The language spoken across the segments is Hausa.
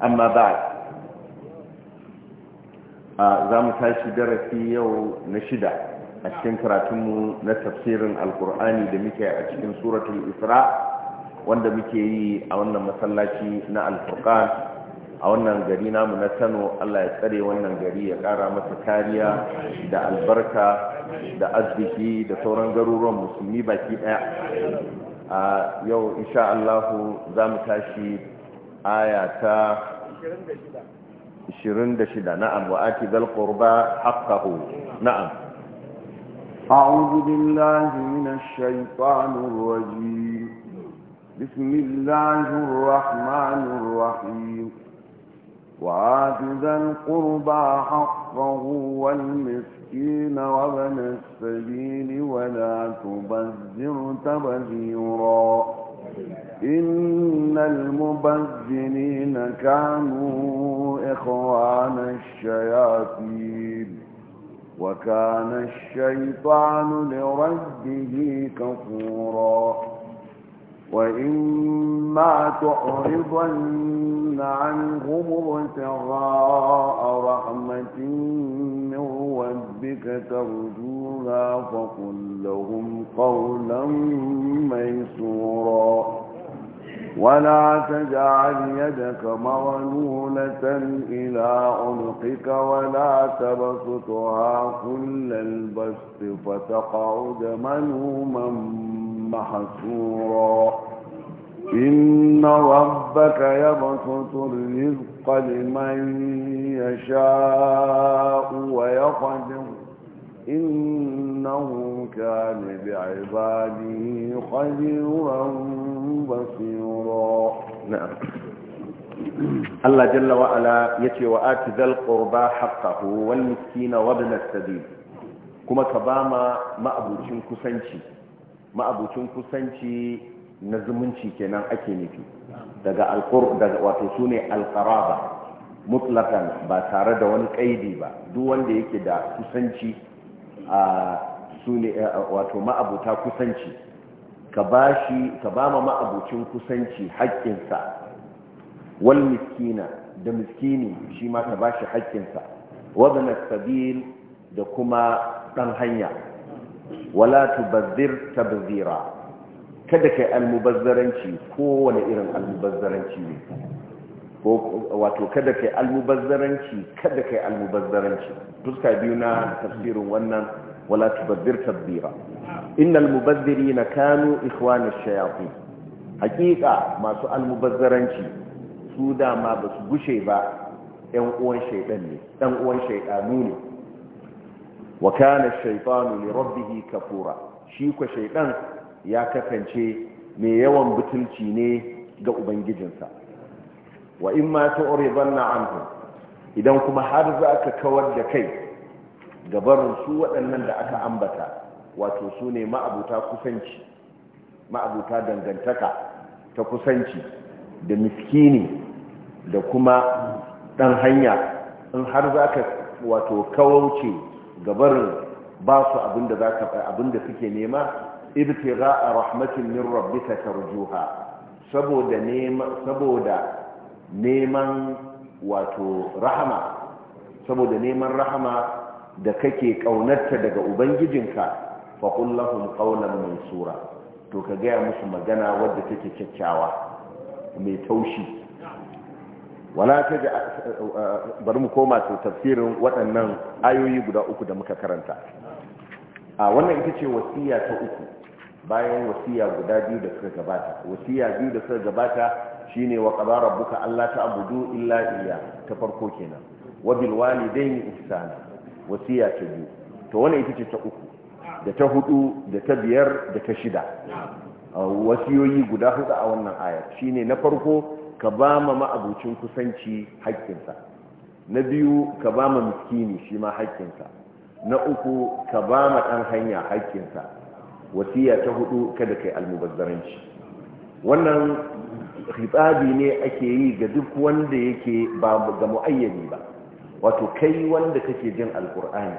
amma ba za mu tashi darasi yau na shida a cikin karatunmu na tafsirin alkur'ani da muke a cikin suratul isra wanda muke yi a wannan masallaci na alfurkan a wannan gari namu na Sano, allah ya tsare wannan gari ya kara masa kariya da albarka da arziki da sauran garuruwan musulmi baki daya a yau insha'allahu, za mu tashi aya ta 26 na'am wa ati zal qurba haqqahu na'am a'udhu billahi minash shaitanir rajim bismillahir rahmanir rahim وآت ذا القربى حقه والمسكين وابن السبيل ولا تبذر تبذيرا إن المبذلين كانوا إخوان الشياطين وكان الشيطان لربه كفورا وإما تعرضن عنهم ابتغاء رحمة من ربك ترجوها فقل لهم قولا ميسورا ولا تجعل يدك مغلولة إلى عنقك ولا تبسطها كل البسط فتقعد ملوما محسورا إن ربك يبسط الرزق لمن يشاء ويقدر إنه كان بعباده خبيرا بصيرا نعم الله جل وعلا يتي وآت ذا القربى حقه والمسكين وابن السبيل كما كباما ما أبوتين كسنشي ما أبوتين كسنشي نزمنشي كنا أكيني في daga alqur daga wato sune alqaraba mutlaqan ba tare da wani kaidi ba duk wanda yake da kusanci a su ne wato ma'abuta kusanci ka ba shi ka ba ma ma'abucin kusanci haƙƙinsa wal miskina da miskini shi ma ka ba shi haƙƙinsa wadana sabil da kuma ɗan hanya wala ta tabzira kada ka yi almubazzaranci kowane irin almubazzaranci ne wato kada kai almubazzaranci kada kai almubazzaranci fuska biyu na tafsirin wannan wala tubazzir tadbira innal mubazzirina kanu ikhwana shayatin hakika masu almubazzaranci su dama ba su gushe ba ɗan uwan shaytan ne ɗan uwan shaytanu ne wa kana shaytanu li rabbih kafura shi ko shaytan ya kasance mai yawan butulci ne ga ubangijinsa wa in ma na anhum idan kuma har za ka kawar da kai gabarin su waɗannan da aka ambata wato su ne ma'abuta kusanci ma'abuta dangantaka ta kusanci da miskini da kuma ɗan hanya in har za ka wato kawauce gabarin ba su abinda suke nema ibtira a rahmatin min ta tarjuha saboda neman wato rahama saboda neman rahama da kake kaunarta daga ubangijinka faƙun lahum ƙaunar mansura to ka gaya musu magana wadda take kyakkyawa mai taushi wala ta ji bari mu koma to tafsirin waɗannan ayoyi guda uku da muka karanta a wannan ita ce wasiya ta uku bayan wasiya guda biyu da suka gabata wasiya biyu da suka gabata shine wa Allah rabbuka alla ta'budu illa iyya ta farko kenan wa bil walidayni ihsana wasiya ta biyu to wannan ita ce ta uku da ta hudu da ta biyar da ta shida wasiyoyi guda hudu a wannan aya shine na farko ka ba ma ma'abucin kusanci haƙƙinsa na biyu ka ba ma miskini shi ma haƙƙinsa na uku ka ba ma ɗan hanya haƙƙinsa wasiya ta hudu kada kai almubazzaranci wannan Ribabi ne ake yi ga duk wanda yake ba ga mu'ayyami ba wato kai wanda kake jin alqur'ani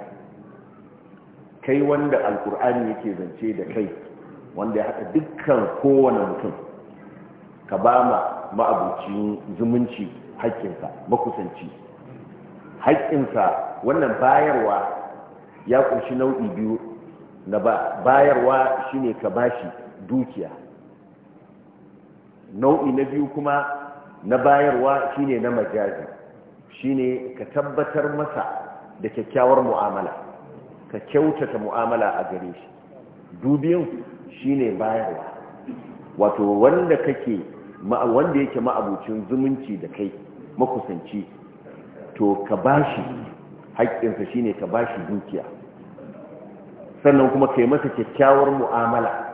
kai wanda alqur'ani yake zance da kai wanda ya haɗa dukkan kowane mutum ka ba ma ma'abucin zumunci haƙƙinsa makusanci haƙƙinsa wannan bayarwa ya ƙunshi nau'i biyu na bayarwa shine ka bashi dukiya nau'i na biyu kuma na bayarwa shine na majazi shine ka tabbatar masa da kyakkyawar mu'amala ka kyautata mu'amala a gare shi shi shine bayarwa wato wanda kake wanda yake ma'abucin zumunci da kai makusanci to ka bashi haƙƙinsa shine ka bashi dukiya sannan kuma ka yi masa kyakkyawar mu'amala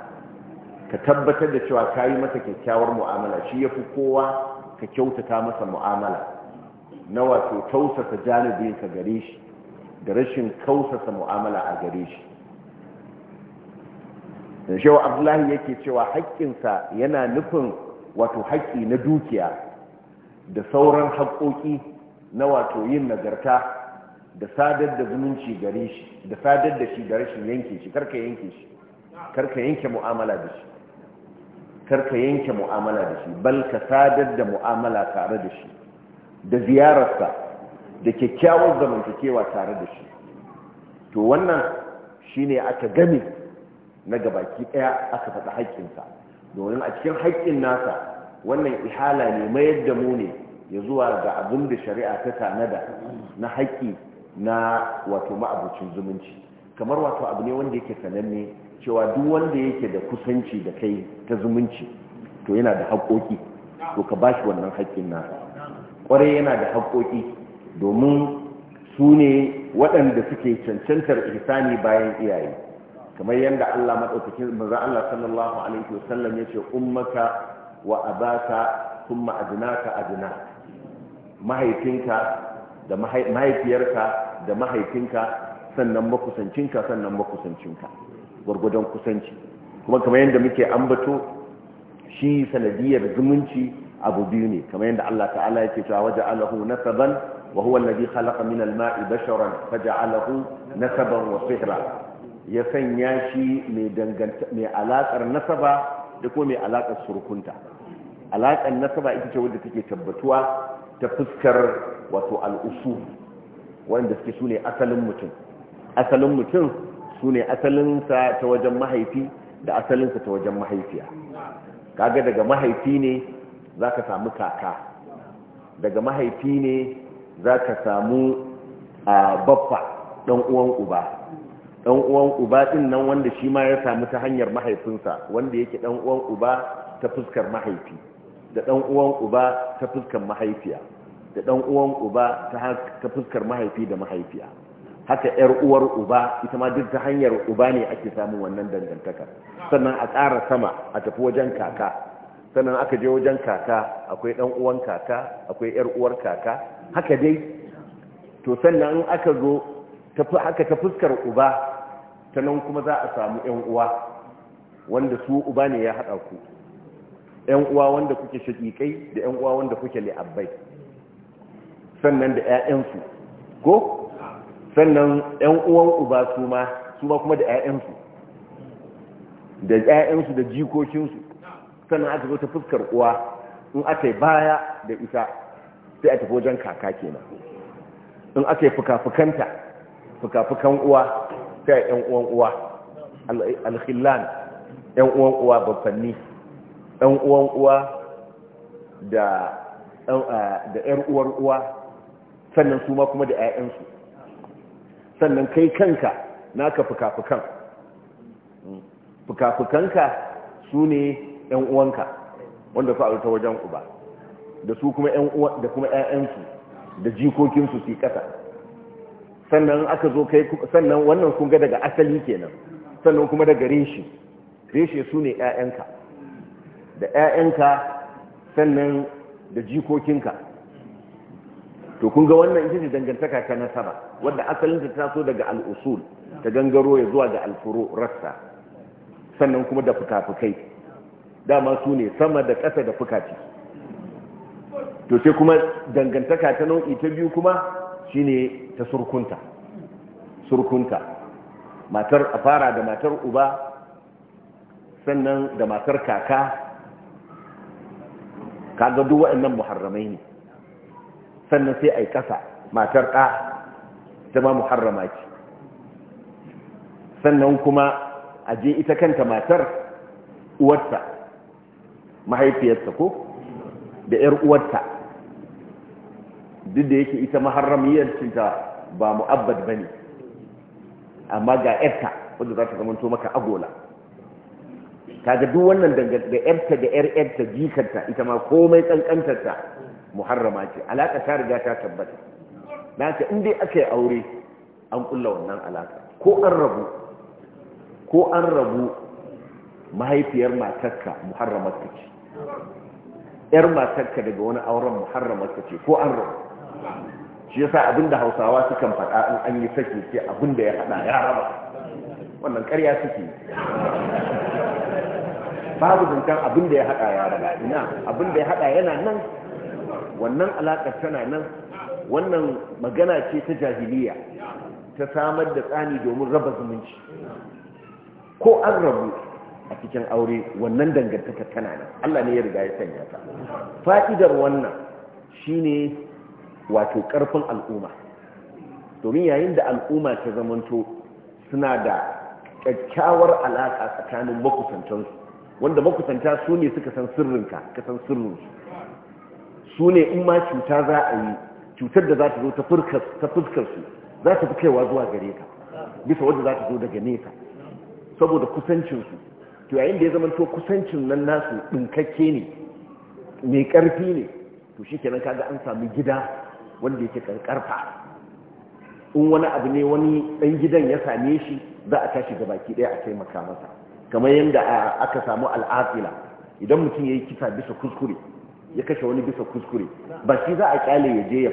ka tabbatar da cewa ka yi masa kyakkyawar mu'amala shi ya fi kowa ka kyautata masa mu'amala na wato tausasa janibin ka gare shi da rashin kausasa mu'amala a gare shi da shewa abdullahi yake cewa haƙƙinsa yana nufin wato haƙƙi na dukiya da sauran haƙƙoƙi na wato yin nagarta da sadar da zumunci gare shi da sadar da shi da rashin yanke shi karka yanke shi karka yanke mu'amala da shi karka yanke mu'amala da shi bal ka sadar da mu'amala tare da shi da ziyararsa da kyakkyawar zamantakewa tare da shi to wannan shi shine aka gami na gabaki ɗaya, aka fasa haƙƙinsa domin a cikin haƙƙin nasa wannan ihala ne mayar da mu ne ya zuwa ga abin da shari'a ta tanada na haƙƙi na wato ma'abucin zumunci kamar wato abu ne wanda yake sananne cewa duk wanda yake da kusanci da kai ta zumunci to yana da haƙoƙi to ka ba shi wannan haƙƙin na ƙwarai yana da haƙoƙi domin su ne waɗanda suke cancantar ihsani bayan iyaye kamar yadda Allah maɗaukakin manzo Allah sallallahu alaihi wasallam yace ummaka wa abaka thumma adnaka adna mahaifinka da mahaifiyarka da mahaifinka sannan makusancinka sannan makusancinka gwargwadon kusanci kuma kamar yadda muke ambato shi sanadiyar zumunci abu biyu ne kamar yadda Allah ta'ala yake cewa waja'alahu nasaban wa huwa alladhi khalaqa min al-ma'i basharan faja'alahu nasaban wa sihra ya sanya shi mai danganta mai alakar nasaba da kuma mai alakar surkunta alakar nasaba ita ce wadda take tabbatuwa ta fuskar wato al'usu wanda suke sune asalin mutum asalin mutum su ne asalinsa ta wajen mahaifi da asalinsa ta wajen mahaifiya kaga daga mahaifi ne za ka samu kaka daga mahaifi ne za ka samu baffa ɗan uwan uba ɗan uwan uba ɗin nan wanda shi ma ya samu ta hanyar mahaifinsa wanda yake ɗan uwan uba ta fuskar mahaifi da ɗan uwan uba ta fuskar mahaifiya da ɗan uwan uba ta fuskar mahaifi da mahaifiya haka yar uwar uba ita ma duk ta hanyar uba ne ake samun wannan dangantaka sannan a ƙara sama a tafi wajen kaka sannan aka je wajen kaka akwai ɗan uwan kaka akwai yar uwar kaka haka dai to sannan in aka zo tafi haka ta fuskar uba ta nan kuma za a samu ƴan uwa wanda su uba ne ya haɗa ku ƴan uwa wanda kuke shaƙiƙai da ƴan uwa wanda kuke li'abbai sannan da ƴaƴansu ko sannan yan uwan uba su ma su ma kuma da 'ya'yansu da 'ya'yansu da jikokinsu sannan aka zo ta fuskar uwa in aka yi baya da ita sai a tafi wajen kaka kenan in aka yi fuka-fukanta fuka-fukan uwa sai yan uwan uwa alkhillan yan uwan uwa babbanni yan uwan uwa da yan uwar uwa sannan su ma kuma da 'ya'yansu sannan kai kanka naka fuka-fukan fuka-fukanka su ne 'yan uwanka wanda fa'ar ta wajen uba da su kuma 'yan da kuma 'ya'yansu da jikokinsu su kasa sannan aka zo kai sannan wannan kun ga daga asali kenan sannan kuma daga reshe reshe su ne 'ya'yanka da 'ya'yanka sannan da jikokinka to kun ga wannan ita ce dangantaka ta nasaba wadda asalinta ta so daga al'usul ta gangaro ya zuwa ga alfuro rasta sannan kuma da fukafukai dama su ne sama da ƙasa da fukaci to sai kuma dangantaka ta nau'i ta biyu kuma shine ta surkunta surkunta matar a fara da matar uba sannan da matar kaka kaga duk waɗannan muharramai ne sannan sai a yi ƙasa matar ɗa ta muharrama ce sannan kuma a je ita kanta matar uwarta mahaifiyarsa ko da 'yar uwarta duk da yake ita maharramiyar cinta ba mu'abbad ba ne amma ga 'yarta wadda za ta zamanto maka agola kaga duk wannan da 'yarta da 'yar 'yarta jikarta ita ma komai ƙanƙantarta muharrama ce alaka ta riga ta tabbata na ce in dai aka yi aure an kulla wannan alaka ko an rabu ko an rabu mahaifiyar matarka muharramar ta ce yar matarka daga wani auren muharramar ta ce ko an rabu shi yasa abinda hausawa su kan faɗa in an yi sake ce abinda ya haɗa ya raba wannan ƙarya suke babu zancen abinda ya haɗa ya raba ina abinda ya haɗa yana nan wannan alaƙar tana nan wannan magana ce ta jahiliya ta samar da tsani domin raba zumunci ko an rabu a cikin aure wannan dangantaka tana nan Allah ne ya riga ya sanya ta fa'idar wannan shine wato ƙarfin al'umma domin yayin da al'umma ta zamanto suna da kyakkyawar alaƙa tsakanin makusantansu wanda makusanta su ne suka san sirrinka ka san sirrinsu su ne in ma cuta za a yi cutar da za ta zo ta fuskar za ta fi kaiwa zuwa gare ka bisa wadda za ta zo daga nesa saboda kusancinsu to yayin da ya zama to kusancin nan nasu ɗinkakke ne mai ƙarfi ne to shi kenan kaga an sami gida wanda yake ƙarƙarfa in wani abu ne wani ɗan gidan ya same shi za a tashi ga baki ɗaya a taimaka masa kamar yadda aka samu al'afila idan mutum ya yi kisa bisa kuskure ya kashe wani bisa kuskure ba shi za a kyale ya je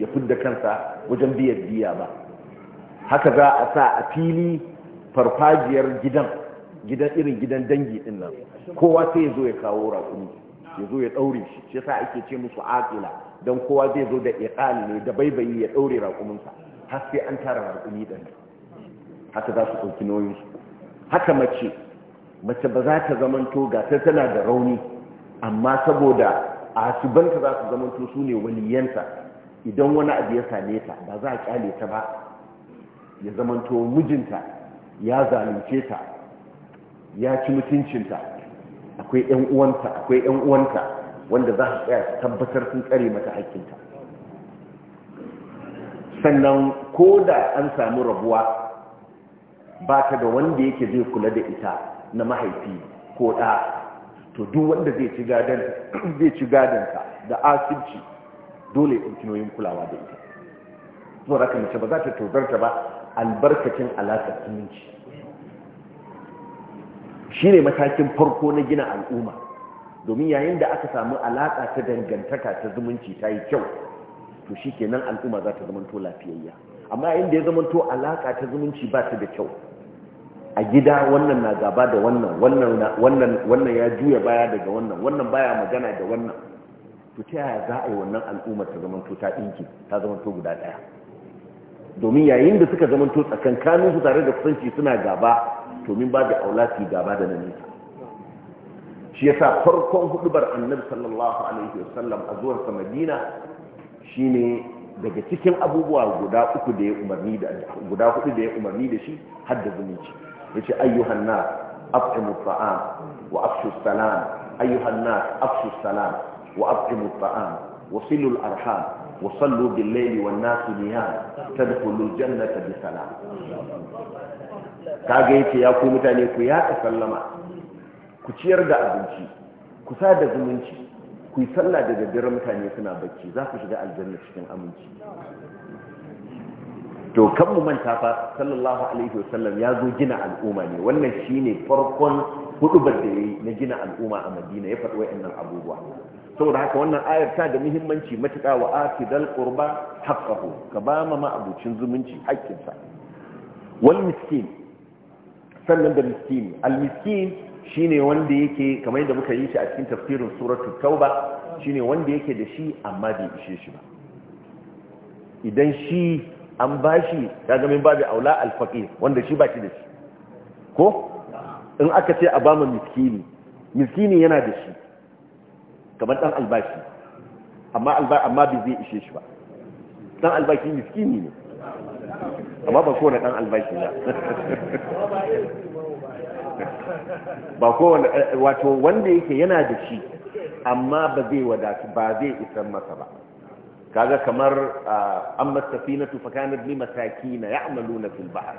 ya fudda kansa wajen biyar biya ba haka za a sa a fili farfajiyar gidan gidan irin gidan dangi din nan kowa sai ya zo ya kawo rakumi ya zo ya daure shi shi yasa ake ce musu aqila dan kowa zai zo da iqal ne da baibayi ya daure rakuminsa har sai an tara rakumi din haka za su dauki haka mace mace ba za ta zamanto ga tana da rauni amma saboda a hasibanta za su zama to su ne waliyanta idan wani abu ya same ta ba za a kyale ta ba ya zama mijinta ya zalunce ta ya ci mutuncinta akwai yan uwanta akwai yan uwanta wanda za su tsaya tabbatar sun tsare mata hakkinta sannan ko da an samu rabuwa ba ta da wanda yake zai kula da ita na mahaifi ko ɗa to duk wanda zai ci gadon zai da asibci dole ya kulawa da ita zuwa raka mace ba za ta ta ba albarkacin alaƙar zumunci shi ne matakin farko na gina al'umma domin yayin da aka samu alaƙa ta dangantaka ta zumunci ta yi kyau to shi kenan al'umma za ta zamanto lafiyayya amma da ya zamanto alaƙa ta zumunci ba ta da kyau a gida wannan na gaba da wannan wannan ya juya baya daga wannan wannan baya magana da wannan to ta yaya za a yi wannan al'ummar ta to ta dinki ta zamanto guda ɗaya domin yayin da suka to tsakankanin su tare da kusanci suna gaba domin ba da aulati gaba da nan shi yasa farkon hudubar annabi sallallahu alaihi wasallam a zuwan sa madina shine daga cikin abubuwa guda uku da ya umarni da guda hudu da ya umarni da shi har da zumunci yace ayyuhan nas at'imu taam wa afshu salam ayyuhan nas afshu salam wa at'imu taam wa silu al-arham wa sallu bil layli wan nas niyam tadkhulu al-jannata bi salam kage yace ya ku mutane ku ya sallama ku ciyar da abinci ku sa da zumunci ku yi sallah da daddare mutane suna bacci za ku shiga aljanna cikin aminci to kan mu manta fa sallallahu alaihi wasallam ya zo gina al'umma ne wannan shine farkon hudubar da yayi na gina al'umma a Madina ya faɗi wayannan abubuwa saboda haka wannan ayar ta da muhimmanci matuƙa wa atidal qurba haqqahu ka ba ma ma'abucin zumunci haƙƙinsa wal miskin sannan da miskin al miskin shine wanda yake kamar yadda muka yi shi a cikin tafsirin suratul tauba shine wanda yake da shi amma bai ishe shi ba idan shi an bashi kaga min babu aula alfaqir wanda shi ba shi da shi ko in aka ce a bama miskini miskini yana da shi kamar ɗan albashi amma bi zai ishe shi ba Ɗan albashi miskini ne amma ba kowane ɗan albashi ba ba kowane eh, wato wanda yake yana da shi amma ba zai wadatu ba zai isar masa ba kaga kamar amma safinatu fa kanat li na ya'maluna fil bahr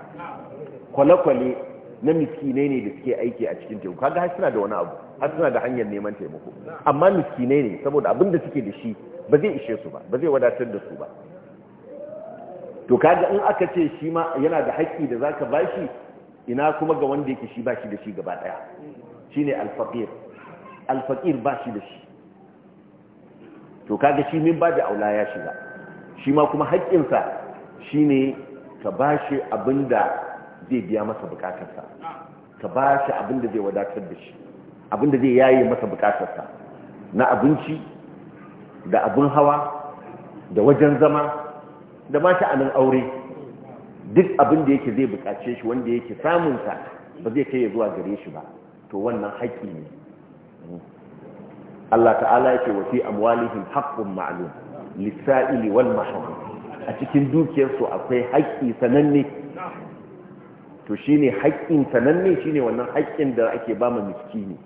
kwale-kwale na miskinai ne da suke aiki a cikin teku kaga har suna da wani abu har suna da hanyar neman taimako amma miskinai ne saboda abin da suke da shi ba zai ishe su ba ba zai wadatar da su ba to kaga in aka ce shi ma yana da haƙƙi da zaka bashi ina kuma ga wanda yake shi bashi da shi gaba daya shine al-faqir al-faqir bashi da shi to kaga shi min ba da aula ya shiga shi ma kuma haƙƙinsa shi ne ka ba shi abin da zai biya masa bukatarsa ka ba shi abin da zai wadatar da shi abin da zai yaye masa bukatarsa na abinci da abin hawa da wajen zama da ma sha'anin aure duk abin da yake zai bukace shi wanda yake samunsa ba zai kai zuwa gare shi ba to wannan haƙƙi ne Allah ta'ala yake wa fi amwalihim haqqun ma'lum lis-sa'ili wal mahrum a cikin dukiyarsu akwai haƙƙi sananne to shine haƙƙin sananne shine wannan haƙƙin da ake ba mu miskini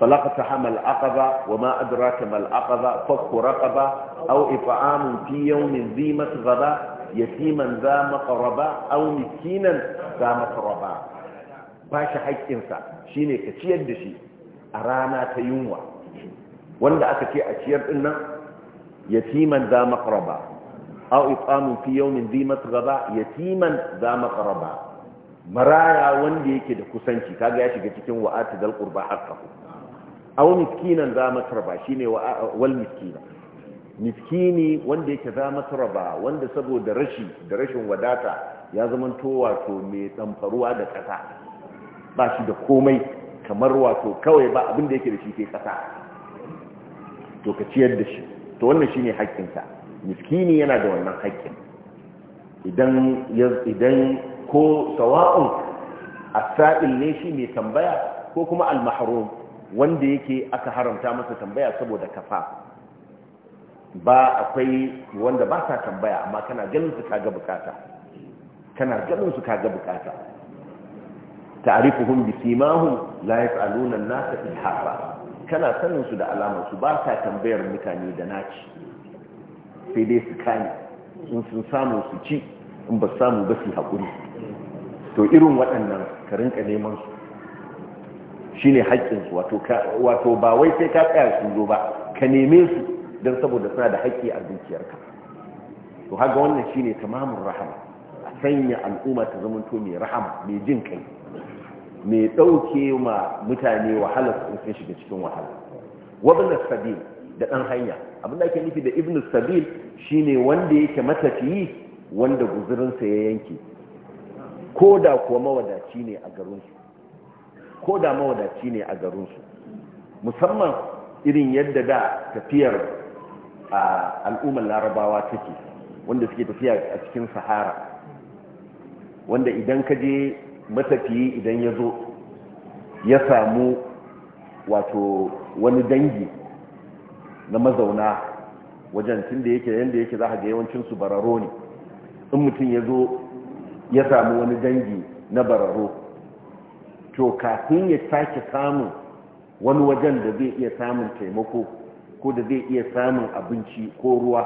فلقتها ما العقبة وما أدراك ما العقبة فك رقبة أو إطعام في يوم ذي مسغبة يتيما ذا مقربة أو مسكينا ذا مقربة باش حق إنسان شيني كتير دشي a rana ta yunwa wanda aka ce a ciyar din nan yatiman za maqraba A'u it'amun fi yawmin dhi matghaba yatiman za maqraba maraya wanda yake da kusanci kaga ya shiga cikin wa'ati dal qurba haqqahu aw miskinan za matraba shine wal miskina miskini wanda yake za matraba wanda saboda rashi da rashin wadata ya zama to wato mai tsamfaruwa da kasa ba shi da komai kamar wato kawai ba abin da yake da shi ke kasa to ka ciyar da shi to wannan shi shine haƙƙinsa miskini yana da wannan haƙƙin idan ko sawa'un a sail ne shi mai tambaya ko kuma al wanda yake aka haramta masa tambaya saboda kafa ba akwai wanda ba sa tambaya amma kana ganin su kaga bukata kana ganin su kaga bukata ta'arifuhum bi simahum la yaf'aluna na nasa ilhafa kana sanin su da alamar su ba tambayar mutane da naci sai dai su kani in sun samu su ci in ba samu ba su haƙuri to irin waɗannan ka rinka neman su shi ne haƙƙinsu wato ba wai sai ka tsaya sun zo ba ka neme su don saboda suna da haƙƙi a dukiyarka to haga wannan shi ne tamamin rahama a sanya al'umma ta zamanto mai rahama mai jin kai mai ɗauke ma mutane wahala su sun shiga cikin wahala wabin sabil da ɗan hanya abin da ake nufi da ibn sabil shine wanda yake matafiyi wanda guzurinsa ya yanke ko da kuwa mawadaci ne a garinsu ko da mawadaci ne a garinsu musamman irin yadda da tafiyar a al'ummar larabawa take wanda suke tafiya a cikin sahara wanda idan ka je matafiyi idan ya zo ya samu wato wani dangi na mazauna wajen tun da yake yadda yake za a ga yawancinsu bararo ne in mutum ya zo ya samu wani dangi na bararo to kafin ya sake samun wani wajen da zai iya samun taimako ko da zai iya samun abinci ko ruwa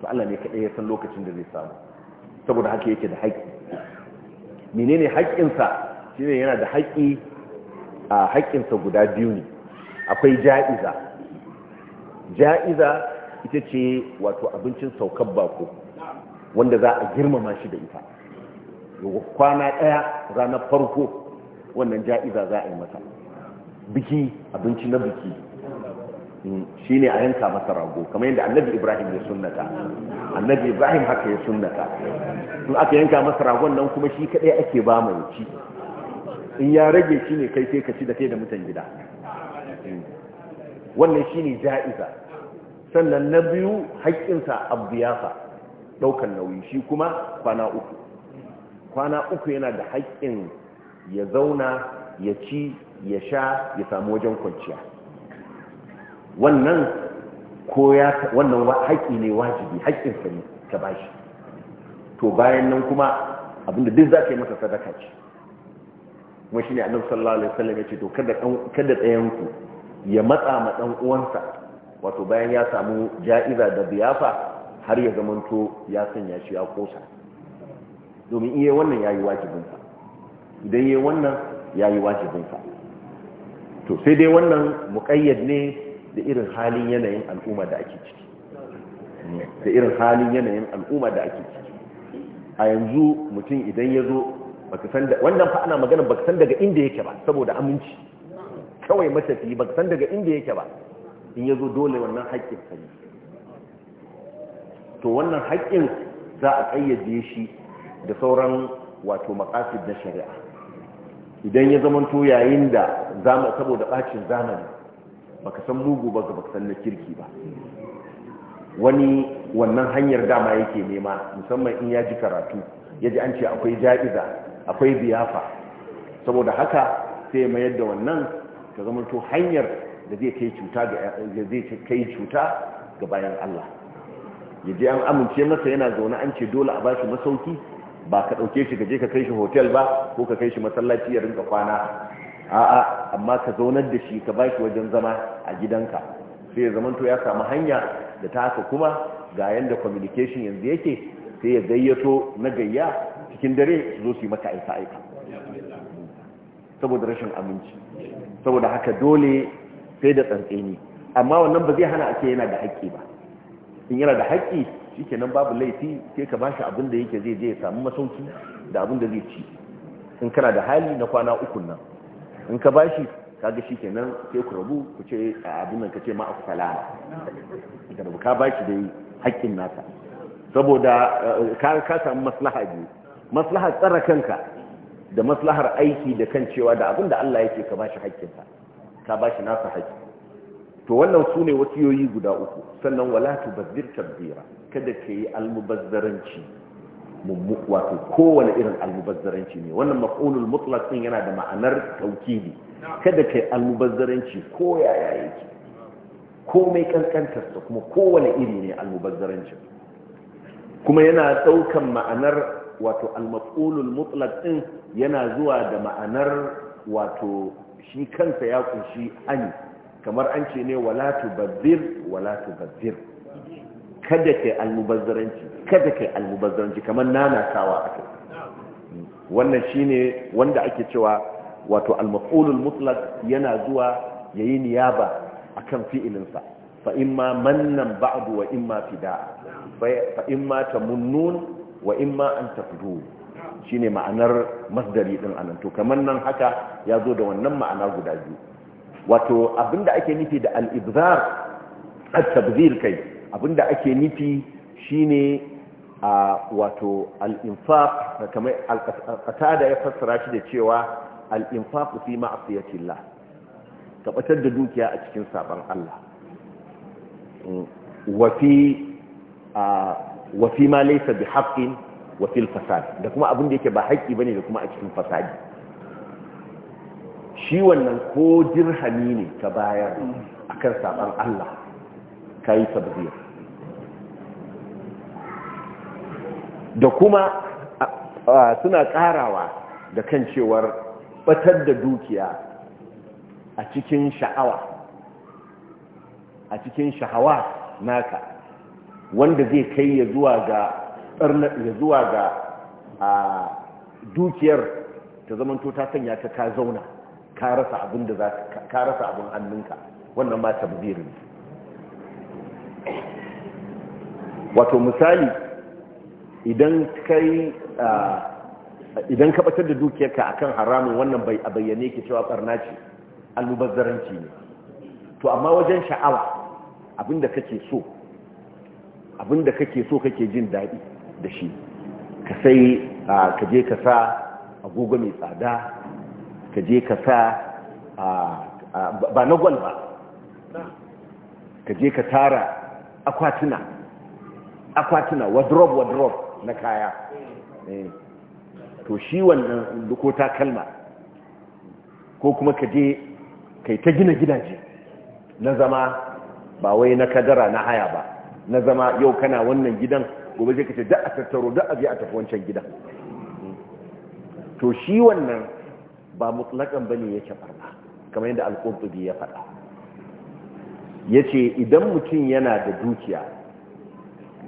to Allah ne kaɗai ya san lokacin da zai samu saboda haka yake da haƙƙi menene haƙƙinsa ne yana da haƙƙi a haƙƙinsa guda biyu ne akwai ja'iza ja'iza ita ce wato abincin saukar bako wanda za a girmama shi da ita kwana ɗaya ranar farko wannan ja'iza za a yi masa biki abinci na biki shi ne a yanka masa rago kamar yadda annabi ibrahim ya sunnata annabi ibrahim haka ya sunnata in aka yanka masa ragon nan kuma shi kadai ake ba mai ci in ya rage shi ne kai sai ka ci da kai da mutan gida wannan shi ne ja'iza sannan na biyu haƙƙinsa abdiyafa ɗaukan nauyi shi kuma kwana uku kwana uku yana da haƙƙin ya zauna ya ci ya sha ya samu wajen kwanciya wannan ko ya wannan haƙi ne wajibi haƙin sa ne ka bashi to bayan nan kuma abinda duk zaka yi masa sadaka ce kuma shine annabi sallallahu alaihi wasallam ya ce to kada kada ɗayan ku ya matsa ma dan uwansa wato bayan ya samu ja'iza da biyafa har ya zamanto ya sanya shi ya kosa domin iya wannan yayi wajibinsa idan yayi wannan yayi wajibinsa to sai dai wannan muqayyad ne da irin halin yanayin al'umma da ake ciki da irin halin yanayin al'umma da ake ciki a yanzu mutum idan ya zo wannan fa ana magana baka san daga inda yake ba saboda aminci kawai matafi baka san daga inda yake ba in ya zo dole wannan haƙƙin sani to wannan haƙƙin za a ƙayyade shi da sauran wato makasid na shari'a idan ya to yayin da saboda ɓacin zamani baka san mugu ba baka san na kirki ba wani wannan hanyar dama yake nema musamman in ya ji karatu ya ji an ce akwai ja'iza akwai biyafa saboda haka sai mayar da wannan ta zama to hanyar da zai kai cuta ga zai kai cuta ga bayan Allah ya ji an amince masa yana zaune an ce dole a bashi masauki ba ka ɗauke shi ka je ka kai shi hotel ba ko ka kai shi masallaci ya rinka kwana a'a amma ka zaunar da shi ka baki wajen zama a gidanka sai ya zamanto ya samu hanya da ta haka kuma ga yanda communication yanzu yake sai ya gayyato na gayya cikin dare su zo su yi maka aika aika saboda rashin aminci saboda haka dole sai da tsantseni amma wannan ba zai hana a yana da haƙƙi ba in yana da haƙƙi nan babu laifi sai ka bashi abin da yake zai je ya samu masauki da abin da zai ci in kana da hali na kwana ukun nan in ka bashi kaga shi kenan sai ku rabu ku ce a abin nan ka ce salama da rabu ka bashi dai haƙƙin nasa saboda eh, ka ka samu maslaha biyu maslaha tsara kanka da maslahar aiki da kan cewa da abin da Allah yake ka bashi haƙƙinsa ka bashi nasa haƙƙi to wannan su ne wasiyoyi guda uku sannan wala tubaddir tabdira kada ka yi almubazzaranci wato kowane irin almubazzaranci ne wannan maf'ulul mutlaq din yana da ma'anar taukidi kada kai almubazzaranci ko yaya yake komai kankantar sa kuma kowane iri ne almubazzaranci kuma yana daukan ma'anar wato almaf'ulul mutlaq din yana zuwa da ma'anar wato shi kansa ya kunshi ani kamar an ce ne wala tubazzir wala tubazzir kada kai almubazzaranci kada yi almubazzaranci kamar a kai. wannan ne wanda ake cewa wato al mutlak yana zuwa yayi niyaba akan fi'ilinsa fa imma mannan ba'adu wa imma fida'a fa imma wa imma an tafdu shine ma'anar masdari ɗin anan to kamar nan haka ya zo da wannan ma'ana guda biyu wato abinda ake nufi da al-ibzar at-tabzir kai abinda ake nufi shine a wato al-infaq kamar al ya fassara shi da cewa al-infaq fi ma'siyatillah tabbatar da dukiya a cikin saban Allah wafi ma laysa bi haqqin wa fil fasad da kuma abin da yake ba haƙi bane da kuma a cikin fasadi shi wannan ko dirhami ne ka bayar akan saɓan Allah kai tabzir da kuma suna ƙarawa da kan cewar batar da dukiya a cikin sha'awa a cikin sha'awa naka wanda zai kai ya zuwa ga ya zuwa ga dukiyar ta zamanto ta sanya ta, ka zauna ka rasa abin ka rasa abin hannunka wannan ma tabbirin wato misali idan ka batar da dukiyarka a kan haramun wannan bai a bayyane ke cewa barna ce almubazzaranci ne to amma wajen sha'awa abinda kake so abinda kake so kake jin daɗi da shi ka sai ka je ka sa agogo mai tsada ka je ka sa ba na gwal ba ka je ka tara akwatuna akwatuna wadrop wadrop na kaya eh. to shi wannan ko kalma ko kuma ka je kai ta gina gidaje na zama ba wai na kadara na haya ba na zama yau kana wannan gidan gobe zai kace da a tattaro da a je a tafi wancan gidan to shi wannan ba mutlakan bane yake farba kamar yadda al-qurtubi ya faɗa yace idan mutum yana da dukiya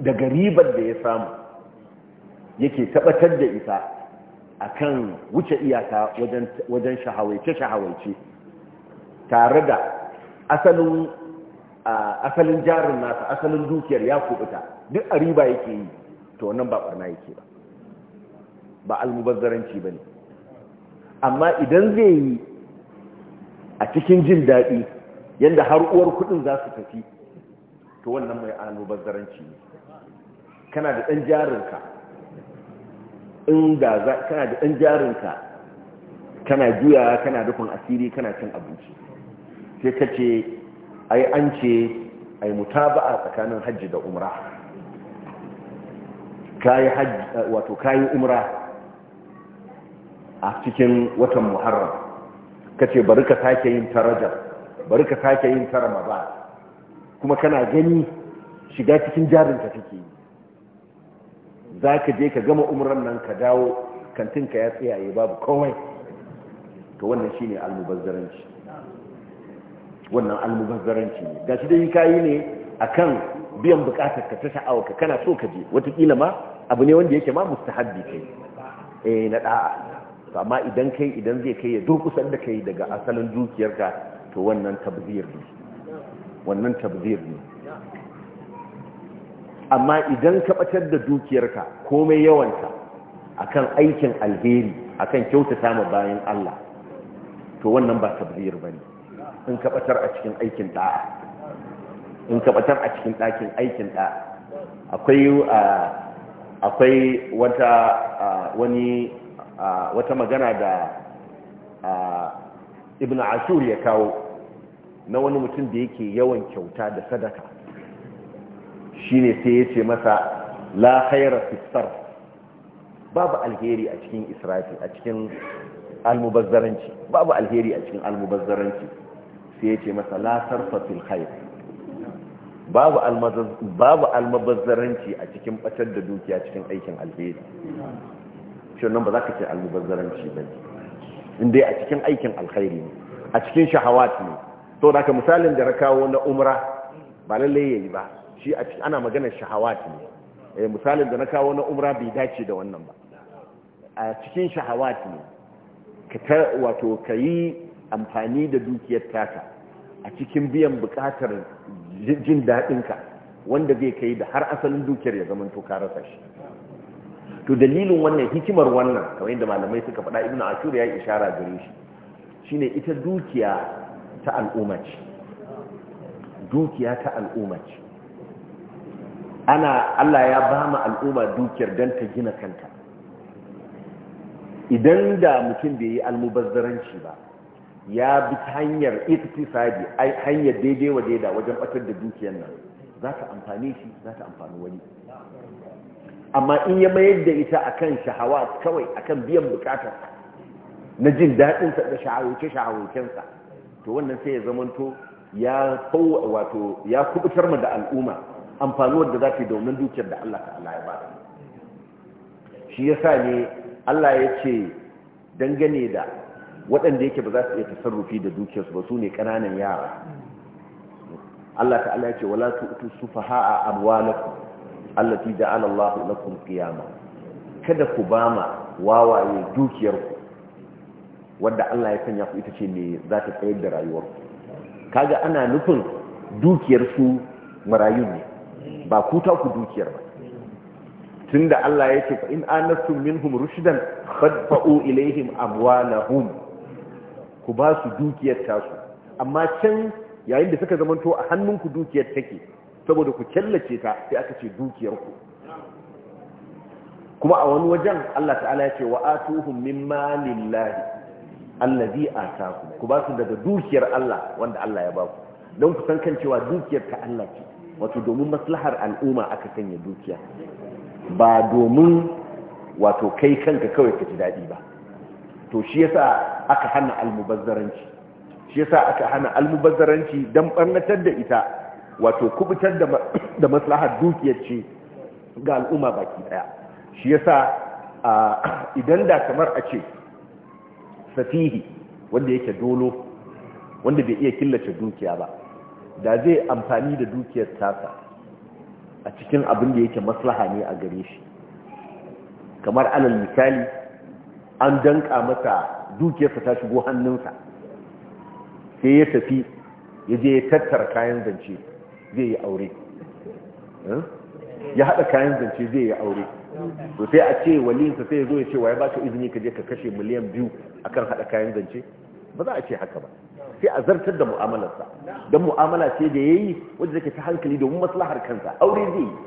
daga ribar da ya samu yake tabbatar da ita a kan wuce iyaka wajen shahawaice-shahawaice tare da asalin jarin nasa asalin dukiyar ya kubuta duk a riba yake yi to wannan ba ɓarna yake ba ba almubazzaranci ba ne amma idan zai yi a cikin jin daɗi yadda har uwar kudin za su tafi to wannan mai almubazzaranci ne kana da ɗan jarinka in da kana da ɗan jarinka kana juya kana rufin asiri kana cin abinci sai ka ce ai an ce ai a tsakanin hajji da umra kayi hajji wato kayi umra a cikin watan muharram ka ce bari ka sake yin taraja bari ka sake yin tarama ba kuma kana gani shiga cikin jarinka take yi za ka je ka gama umarar nan ka dawo kantinka ya tsayaye babu kawai to wannan shi ne almubazzaranci wannan almubazzaranci ne Ga da dai kayi ne a kan biyan bukatar ka ta sha'awa ka kana so ka je watakila ma abu ne wanda yake ma mustahabbi kai. eh na da'a to amma idan kai idan zai kai ya durkusar da kai daga asalin dukiyarka to wannan tabzir ne wannan tabzir ne amma idan ka batar da dukiyarka komai yawanta akan aikin alheri akan kyautata ma bayan Allah to wannan ba ba bane in ka ɓatar a cikin aikin da'a in ka ɓatar a cikin ɗakin aikin da'a akwai wata magana da ibn asur ya kawo na wani mutum da yake yawan kyauta da sadaka shine sai ya ce masa la khaira babu alheri a cikin israfi a cikin almubazzaranci babu alheri a cikin almubazzaranci sai ya ce masa la sarfa fil khair babu babu almubazzaranci a cikin ɓatar da dukiya cikin aikin alheri shi nan ba za ka ce almubazzaranci ba inda a cikin aikin alkhairi ne a cikin shahawat ne to da misalin da rakawo na umra ba lalle yayi ba shi a ana maganar shahawati ne eh, misalin da na kawo na umra bai dace da wannan ba a cikin shahawat ne wato ka yi amfani da dukiyar taka a cikin biyan bukatar jin daɗin ka, wanda zai kai da har asalin dukiyar ya zama ka rasa shi to dalilin wannan hikimar wannan kamar yadda malamai suka faɗa ibn ashur ya yi ishara gare shi shine ita dukiya ta al'umma ce dukiya ta al'umma ce ana Allah ya ba mu al'umma dukiyar don ta gina kanta idan da mutum bai yi almubazzaranci ba ya bi hanyar iktisadi hanyar daidai wa daida wajen batar da dukiyar nan za ta amfane shi za ta amfani wani amma in ya mayar da ita akan shahawa kawai akan biyan bukatar na jin daɗinsa da shahawace shahawacensa to wannan sai ya zamanto ya wato ya kubutar mu da al'umma amfanuwar da za ta yi da dukiyar da Allah ta'ala ya ba shi ya sa ne Allah ya ce dangane da waɗanda yake ba za su iya tasarrufi da dukiyarsu ba su ne ƙananan yara Allah ta'ala ya ce wala tu'tu sufaha'a amwalakum allati ja'ala Allahu lakum qiyama kada ku ba ma wawaye dukiyarku wanda Allah ya sanya ku ita ce ne za ta tsayar da rayuwarku kaga ana nufin dukiyar su marayu ne ba ku ta ku dukiyar ba tunda Allah ya ce in anastum minhum rushdan fadfa'u ilaihim amwalahum ku ba su dukiyar tasu amma can yayin da suka zamanto a hannunku dukiyar take saboda ku kyallace ta sai aka ce dukiyar ku kuma a wani wajen Allah ta'ala ya ce wa atuhum mimma lillahi allazi ataku ku ba su daga dukiyar Allah wanda Allah ya ba ku don ku san kan cewa dukiyar ta Allah ce wato domin maslahar al'umma aka sanya dukiya ba domin wato kai kanka kawai ka ji daɗi ba to shi yasa aka hana almubazzaranci shi yasa aka hana almubazzaranci don barnatar da ita wato kubutar da maslahar dukiyar ce ga al'umma baki ɗaya shi yasa idan da kamar a ce safihi wanda yake dolo wanda bai iya killace dukiya ba da zai amfani da dukiyar tasa a cikin abin da yake maslaha ne a gare shi kamar alal misali an danka masa dukiyarsa ta shigo hannunsa sai ya tafi ya je ya tattara kayan zance zai yi aure hmm? ya haɗa kayan zance zai yi aure to sai a ce waliyinsa sai ya zo ya ce wa ya ba ka izini ka je ka kashe miliyan biyu a kan haɗa kayan zance ba za a ce haka ba sai a zartar da mu'amalarsa don mu'amala ce da ya yi wadda take ta hankali domin maslahar kansa aure zai yi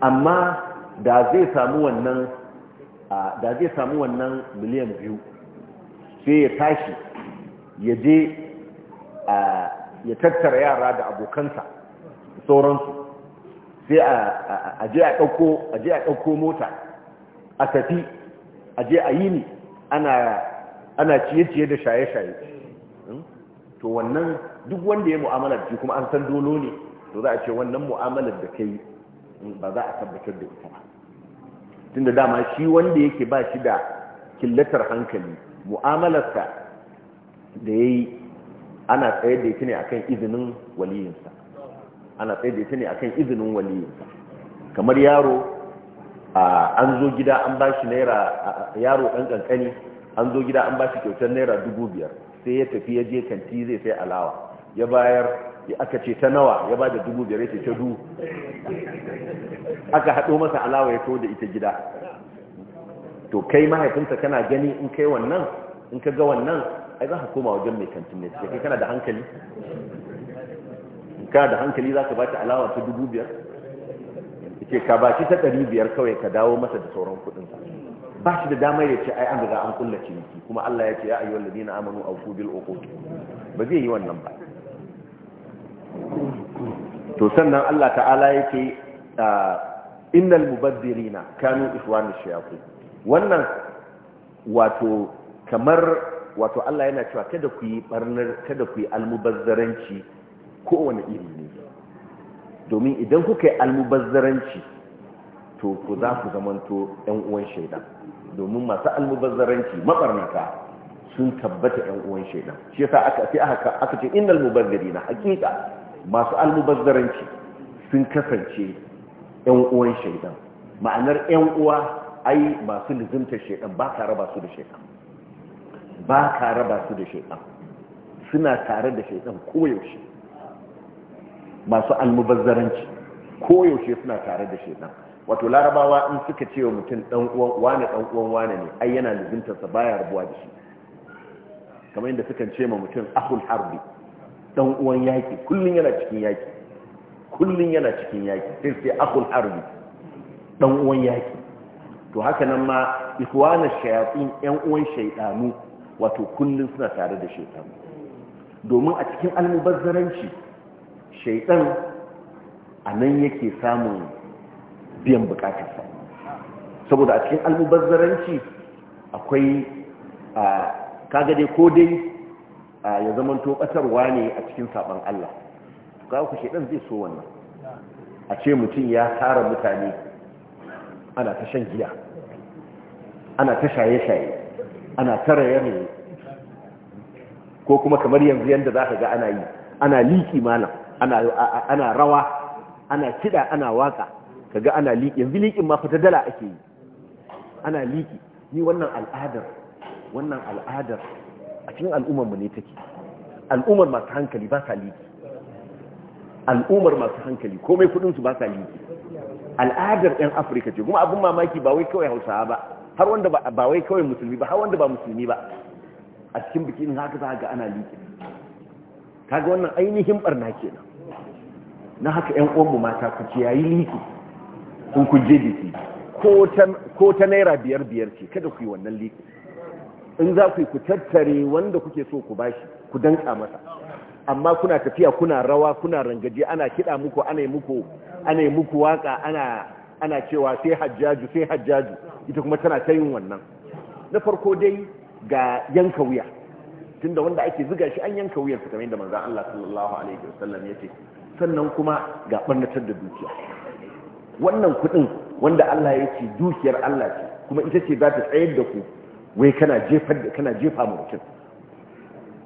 amma da zai samu wannan miliyan biyu sai ya tashi ya je ya tattara yara da abokansa sauransu sai a je a ɗauko mota a tafi a je a yi ne ana ciye-ciye da shaye-shaye to wannan duk wanda ya mu'amala da kuma an san dolo ne to za a ce wannan mu'amalar da kai mm, ba za a tabbatar da ita ba tunda dama shi wanda yake ba shi da killatar hankali mu'amalarsa da ya yi ana tsaye da ita ne akan izinin waliyinsa ana tsaye da ita ne akan izinin waliyinsa kamar yaro an zo gida an ba shi naira yaro ɗan ƙanƙani an zo gida an ba shi kyautar naira dubu biyar sai ya tafi ya je kanti zai sai alawa ya bayar aka ce ta nawa ya ba da dubu biyar ce ta du aka haɗo masa alawa ya da ita gida to kai mahaifinsa kana gani in kai wannan in ka ga wannan ai za ka koma wajen mai kantin ne kai kana da hankali ka da hankali za ka ba ta alawa ta dubu biyar ke ka baki ta ɗari biyar kawai ka dawo masa da sauran kuɗinsa ba da damar ya ce ai an riga an kulla ciniki kuma Allah ya ce ya ayyuhal ladina amanu awfu bil uqud ba zai yi wannan ba to sannan Allah ta'ala yake innal mubadirina kanu ikhwanu shayatin wannan wato kamar wato Allah yana cewa kada ku yi barnar kada ku yi almubazzaranci kowane iri ne domin idan kuka yi almubazzaranci to ku za ku zamanto ɗan uwan shaidan domin masu almubazzaranci mabarnata sun tabbata yan uwan shaidan shi yasa aka ce aka aka ce innal mubazzirina hakika masu almubazzaranci sun kasance ɗan uwan shaidan ma'anar yan uwa ai masu lizimtar shaidan ba ka raba su da shaidan ba ka raba su da shaidan suna tare da shaidan koyaushe masu almubazzaranci koyaushe suna tare da shaidan wato larabawa in suka ce wa mutum dan uwan wani dan uwan ne ai yana lizimtar sa baya rabuwa da shi kamar yadda suka ce ma mutum ahul harbi dan uwan yaki kullun yana cikin yaki kullun yana cikin yaki sai sai ahul harbi dan uwan yaki to haka nan ma ikhwana shayatin yan uwan shaydanu wato kullun suna tare da shaytanu domin a cikin almubazzaranci shaytan anan yake samun biyan bukatarsa saboda a cikin almubazzaranci akwai a kagade ko dai ya zaman tobatarwa ne a cikin saban Allah ga ku shedan zai so wannan a ce mutum ya tara mutane ana ta shan giya ana ta shaye-shaye ana ta raye ko kuma kamar yanzu yanda za ka ga ana yi ana liki malam ana rawa ana kida ana waka kaga ana liƙi yanzu liƙin ma fata dala ake yi ana liƙi ni wannan al'adar wannan al'adar a cikin al'ummar mu ne take al'ummar masu hankali ba sa liƙi al'ummar masu hankali komai kudin su ba sa liƙi al'adar ɗan afirka ce kuma abin mamaki ba wai kawai hausawa ba har wanda ba wai kawai musulmi ba har wanda ba musulmi ba a cikin bikin haka za ga ana liƙi kaga wannan ainihin barna kenan na haka ƴan uwanmu mata ku ce yayi liƙi in ku je biki ko ta naira biyar biyar ce kada ku yi wannan liƙi in za ku yi ku tattare wanda kuke so ku bashi ku danka masa amma kuna tafiya kuna rawa kuna rangaje ana kiɗa muku ana yi muku ana yi muku waka ana cewa sai hajjaju sai hajjaju ita kuma tana ta yin wannan na farko dai ga yanka wuya tunda wanda ake ziga shi an yanka wuyar kamar yadda manzon Allah sallallahu alaihi wasallam yace sannan kuma ga ɓarnatar da dukiya wannan kuɗin wanda Allah ya ce dukiyar Allah ce kuma ita ce za ta tsayar da ku wai kana jefa kana jefa mu mutum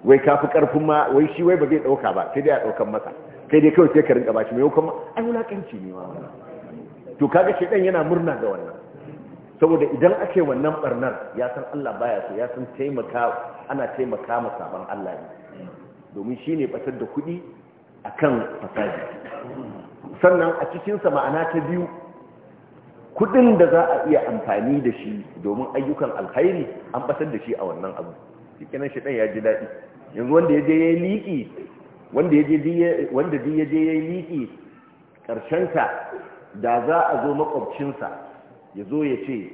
wai fi karfin ma wai shi wai ba zai dauka ba sai dai a daukan masa kai dai kawai sai ka rinka bashi mai hukuma ai wulakanci ne ma wannan to kaga shi dan yana murna da wannan saboda idan ake wannan barnar ya san Allah baya so ya san taimaka ana taimaka ma saban Allah ne domin shine batar da kuɗi akan fasadi sannan a cikinsa ma'ana ta biyu kudin da za a iya amfani da shi domin ayyukan alkhairi an batar da shi a wannan abu cikinan shi ɗan ya ji daɗi yanzu wanda ya je ya yi liƙi wanda ya je ya yi liƙi ƙarshenta da za a zo makwabcinsa ya zo ya ce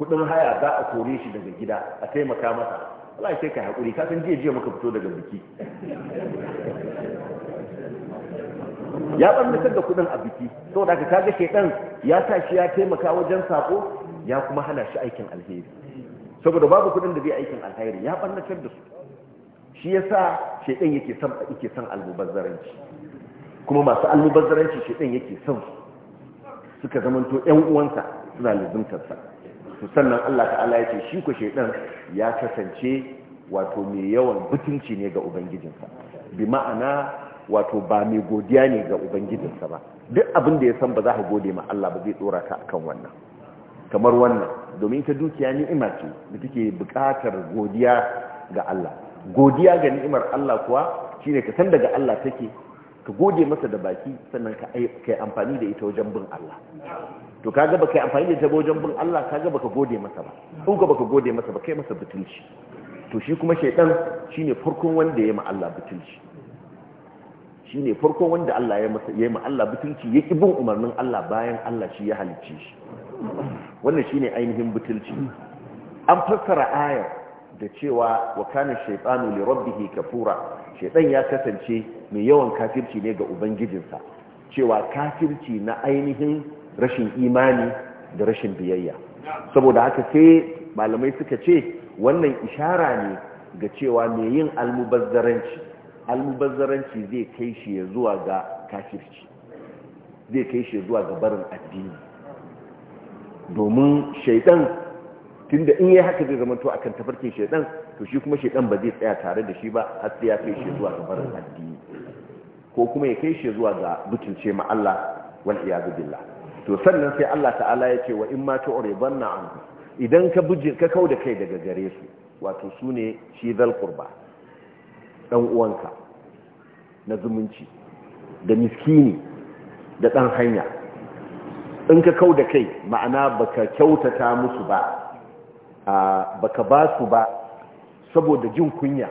kudin haya za a kore shi daga gida a taimaka masa Allah sai ka haƙuri kasan jiya jiya maka fito daga biki ya ɓarnatar da kuɗin a biki saboda ka ga shedan ya sa shi ya taimaka wajen sako ya kuma hana shi aikin alheri saboda babu kuɗin da zai aikin alheri ya ɓarnatar da su shi ya yasa shedan yake son yake son almubazzaranci kuma masu almubazzaranci shedan yake son su suka zamanto 'yan uwansa suna lizumtarsa sa to sannan Allah ta'ala ce shi ko shedan ya kasance wato mai yawan butunci ne ga ubangijinsa bi ma'ana wato ba mai godiya ne ga ubangijinsa ba duk abin da ya san ba za ka gode ma Allah ba zai dora ka akan wannan kamar wannan domin ita dukiya ni'ima ce da take buƙatar godiya ga Allah godiya ga ni'imar Allah kuwa shine ka san daga Allah take ka gode masa da baki sannan ka kai amfani da ita wajen bin Allah to kaga baka amfani da ita wajen bin Allah kaga baka gode masa ba ko ka baka gode masa ba kai masa butulci to shi kuma shaytan shine farkon wanda ya ma Allah butulci Shi ne farko wanda Allah ya masa yayi ma Allah butulci yake bin umarnin Allah bayan Allah shi ya halicce shi wannan shine ainihin butulci an fassara aya da cewa wa kana shaytanu li rabbihi kafura shaytan ya kasance mai yawan kafirci ne ga ubangijinsa cewa kafirci na ainihin rashin imani da rashin biyayya saboda haka sai malamai suka ce wannan ishara ne ga cewa mai yin almubazzaranci almubazzaranci zai kai shi ya zuwa ga kafirci zai kai shi zuwa ga barin addini domin shaidan tunda in yi haka zai zamanto akan tafarkin shaidan to shi kuma shaidan ba zai tsaya tare da shi ba har sai ya kai shi zuwa ga barin addini ko kuma ya kai shi zuwa ga butulce ma Allah wal iyadu billah to sannan sai Allah ta'ala ya ce wa in ma tu'ridanna an idan ka buje ka kauda kai daga gare su wato sune shi zal qurba ɗan uwanka na zumunci da miskini da ɗan hanya in ka kau da kai ma'ana baka kyautata musu ba baka ba su ba saboda jin kunya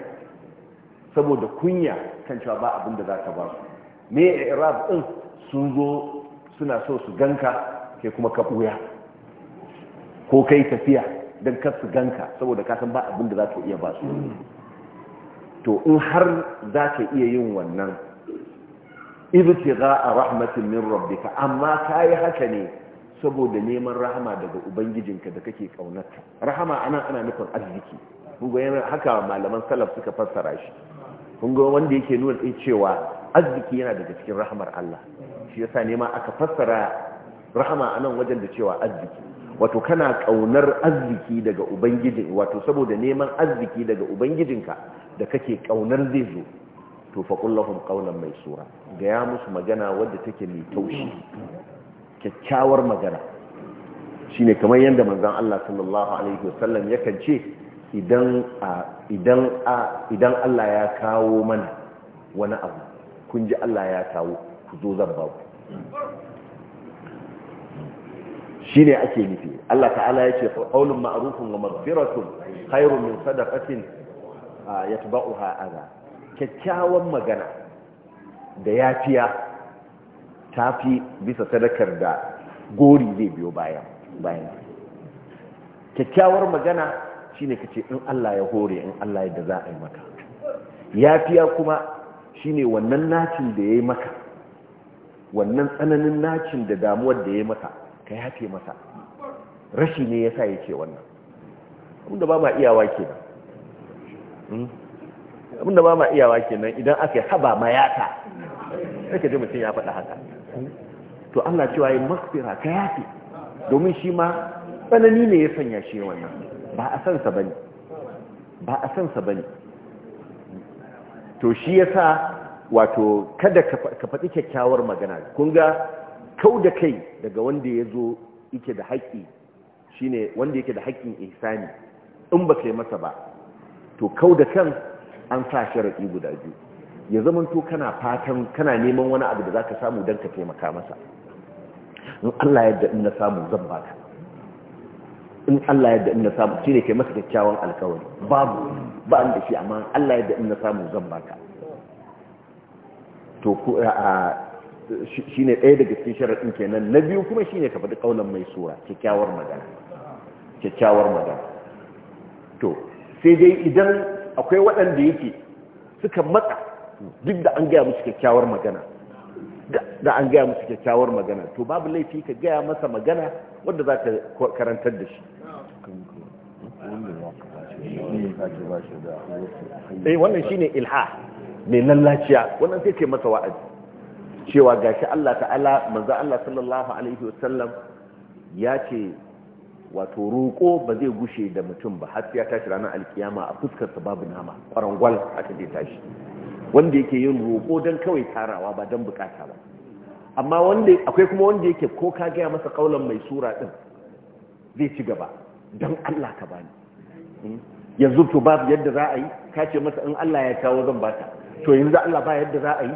saboda kunya kan cewa ba abinda za ka ba su me irab ɗin sun zo suna so su ganka kai kuma ka ɓuya ko kai tafiya don kasu su ganka saboda kasan ba abinda za ka iya ba su to in har za ka iya yin wannan ibtiga a rahmatin min rabbika amma ka yi haka ne saboda neman rahama daga ubangijinka da kake kaunarta rahama ana ana nufin arziki yana haka malaman salaf suka fassara shi wanda yake nuna cewa arziki yana daga cikin rahamar Allah shi yasa nema aka fassara rahama anan wajen da cewa arziki wato kana kaunar arziki daga ubangijin wato saboda neman arziki daga ubangijinka da kake kaunar zai zo to faqullahum qawlan maysura ga ya musu magana wadda take mai taushi kyakkyawar magana shine kamar yadda manzon Allah sallallahu alaihi wasallam yakan ce idan idan idan Allah ya kawo mana wani abu kun ji Allah ya kawo ku zo zan ba ku shi ne ake nufi Allah ta'ala ya ce ƙaunin ma'arufin wa mafiratun khairun min sadaqatin ya tuba'uha aza kyakkyawan magana da yafiya fi bisa sadakar da gori zai biyo bayan bayan kyakkyawar magana shi ka kace in Allah ya hore in Allah da za a yi maka yafiya kuma shi ne wannan nacin da ya yi maka wannan tsananin nacin da damuwar da ya yi maka ka yafe masa rashi ne ya sa ya ce wannan abinda ba ma iyawa kenan hmm? abinda ba ma iyawa kenan idan aka yi haba mayata ka ji mutum ya faɗa haka to Allah cewa yi maghfira ka yafe domin shi ma tsanani ne ya sanya shi wannan ba a san sa bane ba a san sa bane to shi ya sa wato kada ka faɗi kyakkyawar magana kun ga kau da kai daga wanda ya zo yake da haƙƙi ne wanda yake da haƙƙin isani in ba kai masa ba to kau da kan an sa sharaɗi guda biyu ya zamanto kana fatan kana neman wani abu da za ka samu don ka taimaka masa in Allah yadda in na samu zan ba ka. in Allah yadda in na samu ne kai masa kyakkyawan alkawari babu ba an da shi amma Allah yadda in na samu zan ka to shine ɗaya daga cikin sharaɗin kenan na biyu kuma shine ka faɗi ƙaunar mai sura kyakkyawar magana kyakkyawar magana to sai dai idan akwai waɗanda yake suka matsa duk da an gaya musu kyakkyawar magana da an gaya musu kyakkyawar magana to babu laifi ka gaya masa magana wadda za ka karantar da shi eh, wannan shine ilha mai lallaciya wannan sai ce masa wa'azi cewa gashi Allah ta'ala manzo Allah sallallahu alaihi wasallam ya ce wato roƙo ba zai gushe da mutum ba har sai ya tashi ranar alkiyama a fuskar sa babu nama kwarangwal aka je tashi wanda yake yin roƙo dan kawai tarawa ba dan bukata ba amma wanda akwai kuma wanda yake ko ka gaya masa kaulan mai sura din zai ci gaba dan Allah ka bani hmm? yanzu to babu yadda za a yi ka ce masa in Allah ya kawo zan ba ta, to yanzu Allah ba yadda za a yi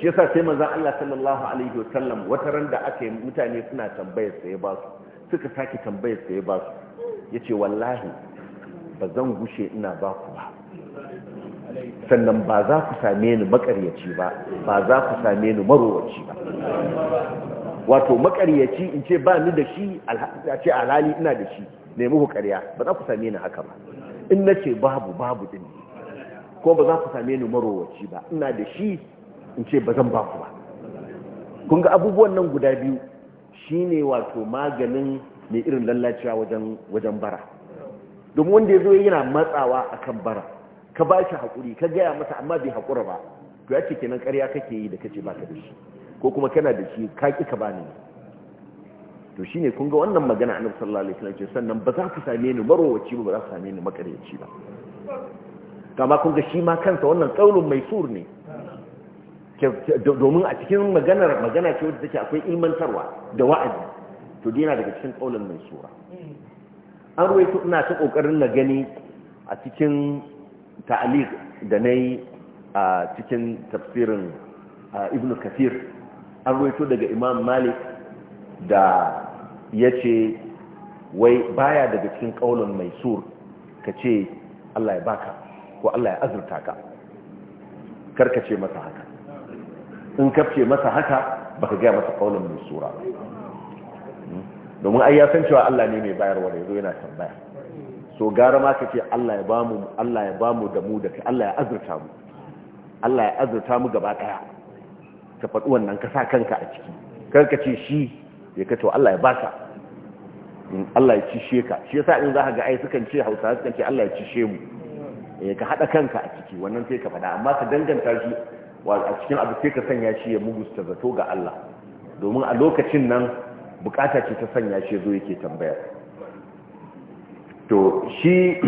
shi yasa sai manzon Allah sallallahu alaihi sallam wata ran da aka yi mutane suna tambayar sai ya ba su suka saki tambayar sai ya ba su yace wallahi ba zan gushe ina ba ku ba sannan ba za ku same ni makaryaci ba ba za ku same ni marowaci ba wato makaryaci in ce ba ni da shi a ce alhali ina da shi nemi ku karya ba za ku same ni haka ba in nace ce babu babu din ko ba za ku same ni marowaci ba ina da shi in ce ba zan ba ku ba kun ga abubuwan nan guda biyu shine wato maganin mai irin lallacewa wajen wajen bara domin wanda ya zo yana matsawa akan bara ka ba shi haƙuri ka gaya masa amma bai hakura ba to ya ce kenan ƙarya kake yi da kace ba ka da shi ko kuma kana da shi ka ƙi ka bani to shine kun ga wannan magana annabi sallallahu alaihi wasallam ce sannan ba za ku same ni marowaci ba ba za ku same ni makaryaci ba kama kun ga shi ma kansa wannan tsaurin mai sur ne domin a cikin maganar magana ce wadda take akwai imantarwa da wa'azi to dina daga cikin kaulan mai sura an ruwaito ina ta kokarin na gani a cikin ta'aliq da nayi a cikin tafsirin ibn kathir an ruwaito daga imam malik da yace wai baya daga cikin kaulan mai sur kace Allah ya baka ko Allah ya azurta ka kar karkace masa haka in kafce masa haka baka gaya masa kaulan mai sura domin ai ya san cewa Allah ne mai bayarwa da yazo yana tambaya so gara ma kace Allah ya bamu Allah ya bamu da mu da kai Allah ya azurta mu Allah ya azurta mu gaba daya ka faɗi wannan ka sa kanka a ciki kar ka ce shi ya kace Allah ya baka Allah ya cishe ka shi yasa in za ga ai sukan ce Hausawa sukan ce Allah ya cishe mu eh, ka hada kanka a ciki wannan sai ka fada amma ka danganta shi a cikin abu sai ka sanya shi ya ta zato ga Allah domin a lokacin nan bukata ce ta sanya shi zo yake tambayar to shi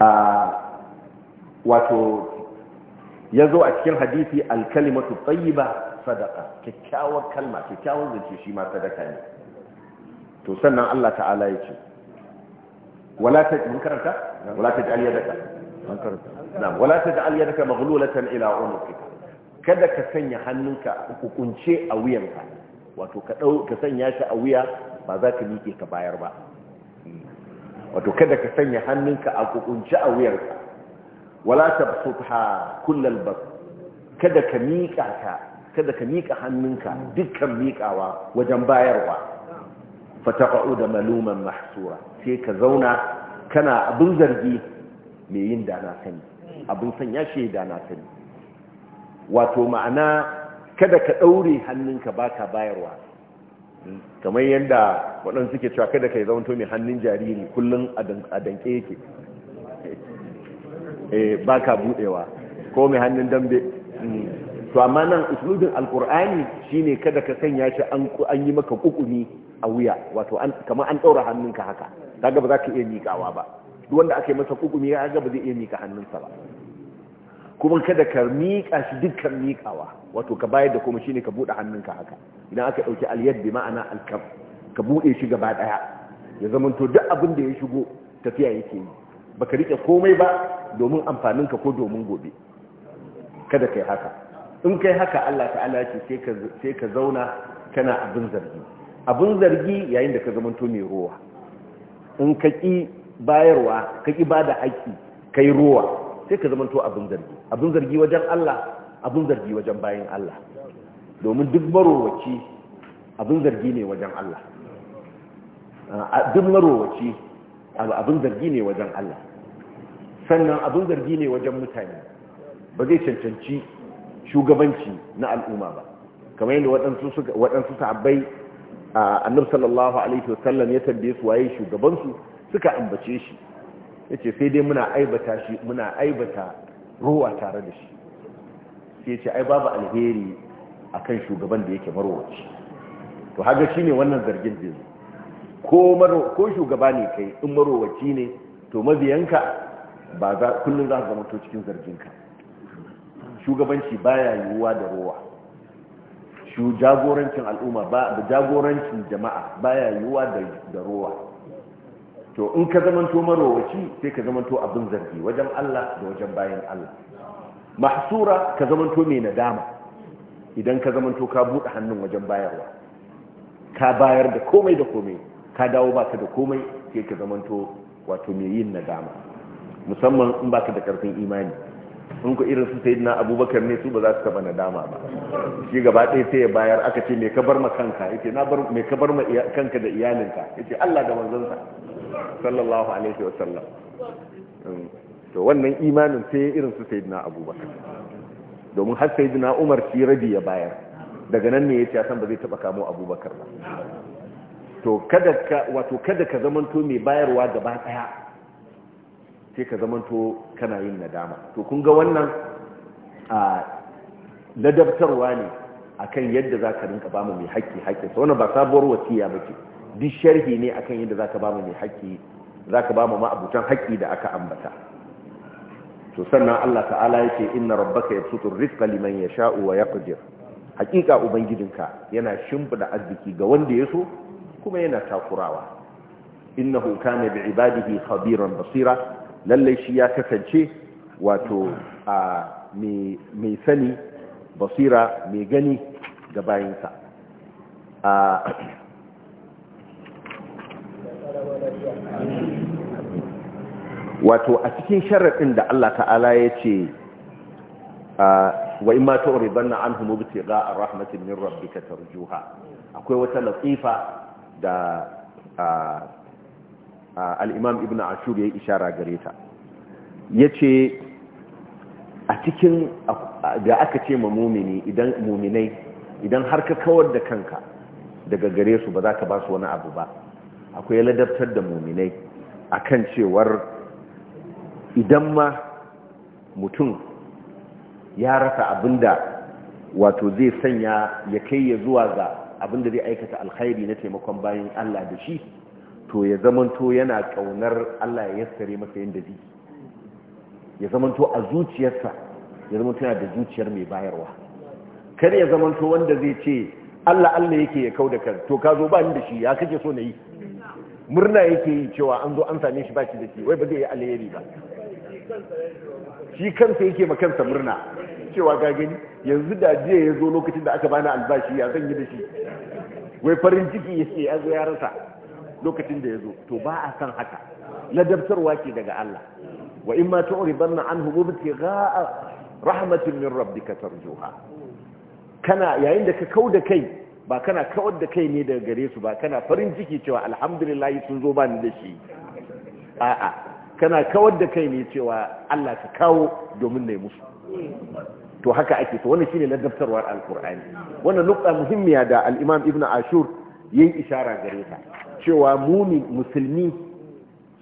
a wato ya zo a cikin hadithi alkalimatu tsayiba sadaka kyakkyawar kalma kyakkyawar zance shi ma sadaka ne to sannan Allah ta'ala ya ce wala ta mun karanta wala ta ji aliyar daga mun karanta na'am wala ta taj'al yadaka maghlulatan ila unuqika kada ka sanya hannunka kukunce a wuyanka wato ka dau ka sanya shi a wuya ba za ka miƙe ka bayar ba wato kada ka sanya hannunka a kukunce a wuyanka wala ta tabsutha kullal ba kada ka miƙa ka kada ka miƙa hannunka dukkan miƙawa wajen bayarwa fataqa'u da maluman mahsura sai ka zauna kana abin zargi mai yin da na sani abin sanya shaida na sani wato ma'ana kada ka ɗaure hannunka ba ka bayarwa kamar yadda waɗansu suke cewa kada ka yi to mai hannun jariri kullum a danke yake eh, ba ka buɗewa ko mai hannun dambe to amma nan uslubin alkur'ani shine kada ka sanya shi an yi maka kukumi a wuya wato kamar an ɗaura hannunka haka Ta gaba za ka iya miƙawa ba wanda aka yi masa kukumi ya gaba zai iya mika hannunsa ba kuma kada ka miƙa shi dukkan mikawa wato ka bayar da kuma shine ka bude hannunka haka idan aka ɗauki al bi ma'ana al ka bude shi gaba ɗaya ya zamanto duk abin da ya shigo tafiya yake yi baka rike komai ba domin amfaninka ko domin gobe kada kai haka in kai haka Allah ta'ala ce sai ka sai ka zauna kana abin zargi abin zargi yayin da ka zamanto mai ruwa in ka ki bayarwa ka ki bada haƙƙi kai ruwa sai ka zama to abin zargi abin zargi wajen Allah abin zargi wajen bayin Allah domin duk marowaci abin zargi ne wajen Allah duk marowaci abin zargi ne wajen Allah sannan abin zargi ne wajen mutane ba zai cancanci shugabanci na al'umma ba kamar yadda waɗansu sahabbai annabi sallallahu alaihi wasallam ya tambaye su waye shugabansu suka ambace shi ce sai dai muna aibata shi muna aibata ruwa tare da shi sai ce ai babu alheri a kan shugaban da yake marowaci to haga shi ne wannan zargin zai zo ko shugaba ne kai in marowaci ne to mabiyanka ba za kullum za su zama to cikin zarginka shugabanci baya yiwuwa da ruwa shu jagorancin al'umma ba da jagorancin jama'a baya yiwuwa da ruwa to in ka zamanto marowaci sai ka zamanto abin zargi wajen Allah da wajen bayan Allah mahsura ka zamanto mai nadama idan ka zamanto ka buɗe hannun wajen bayarwa ka bayar da komai da komai ka dawo baka da komai sai ka zamanto wato mai yin nadama musamman in baka da karfin imani in ku irin su sayyidina abubakar ne su ba za su taba nadama ba shi gaba ɗaya sai ya bayar aka ce me ka ma kanka yace na bar me ka ma kanka da iyalinka yace Allah da manzon sallallahu alaihi wasallam mm. to wannan imanin sai irin su sayyidina abubakar domin har sayyidina umar shi rabi ya bayar daga nan ne yace san ba zai taba kamo abubakar ba to kada ka wato kada ka zamanto mai bayarwa gaba daya sai ka zamanto kana yin nadama to kun ga wannan a ladabtarwa ne akan yadda zaka rinka ba mu mai haƙƙi haƙƙi to wannan ba sabuwar wasiya bace duk sharhi ne akan yadda zaka ba mu mai haƙƙi zaka ba mu ma abutan haƙƙi da aka ambata to sannan Allah ta'ala yake inna rabbaka yabsutu rizqa liman yasha'u wa yaqdir haƙiƙa ubangijinka yana shimfida arziki ga wanda ya so kuma yana takurawa innahu kana bi ibadihi khabiran basira lalle shi ya kasance wato a mai sani basira mai gani ga bayinsa wato a cikin sharaɗin da Allah ta'ala ya ce wa imma tu'ridanna anhum a rahmatin min tarju tarjuha akwai wata latsifa da al ibn ashur ya ishara gare ta ce a cikin da aka ce ma mumini idan muminai idan har ka kawar da kanka daga gare su ba za ka ba su wani abu ba akwai ladabtar da muminai kan cewar idan ma mutum ya rasa abinda wato zai sanya ya kai ya zuwa ga abinda zai aikata alkhairi na taimakon bayan Allah da shi to ya zamanto yana kaunar Allah ya yassare masa yadda zai ya zamanto a zuciyarsa ya zamanto yana da zuciyar mai bayarwa kar ya zamanto wanda zai ce Allah Allah yake ya kau da kan to ka zo ba ni da shi ya kake so na yi murna yake yi cewa an zo an same shi ba shi da shi wai ba zai yi alheri ba shi kansa yake ma kansa murna cewa ga yanzu da jiya ya zo lokacin da aka bani albashi ya zan yi da shi wai farin ciki yake ya zo ya rasa lokacin da ya zo to ba a san haka ladabtarwa ke daga Allah wa in ma tu'ridanna anhu mubtigha rahmatin min rabbika tarjuha kana yayin da ka kauda kai ba kana kawar da kai ne daga gare su ba kana farin ciki cewa alhamdulillah sun zo ba ni da shi a'a kana kawar da kai ne cewa Allah ka kawo domin na yi musu to haka ake to wannan shine ladabtarwar alqur'ani wannan nukta muhimmiya da al-imam ibnu ashur yayi isharar gare ta cewa mumin musulmi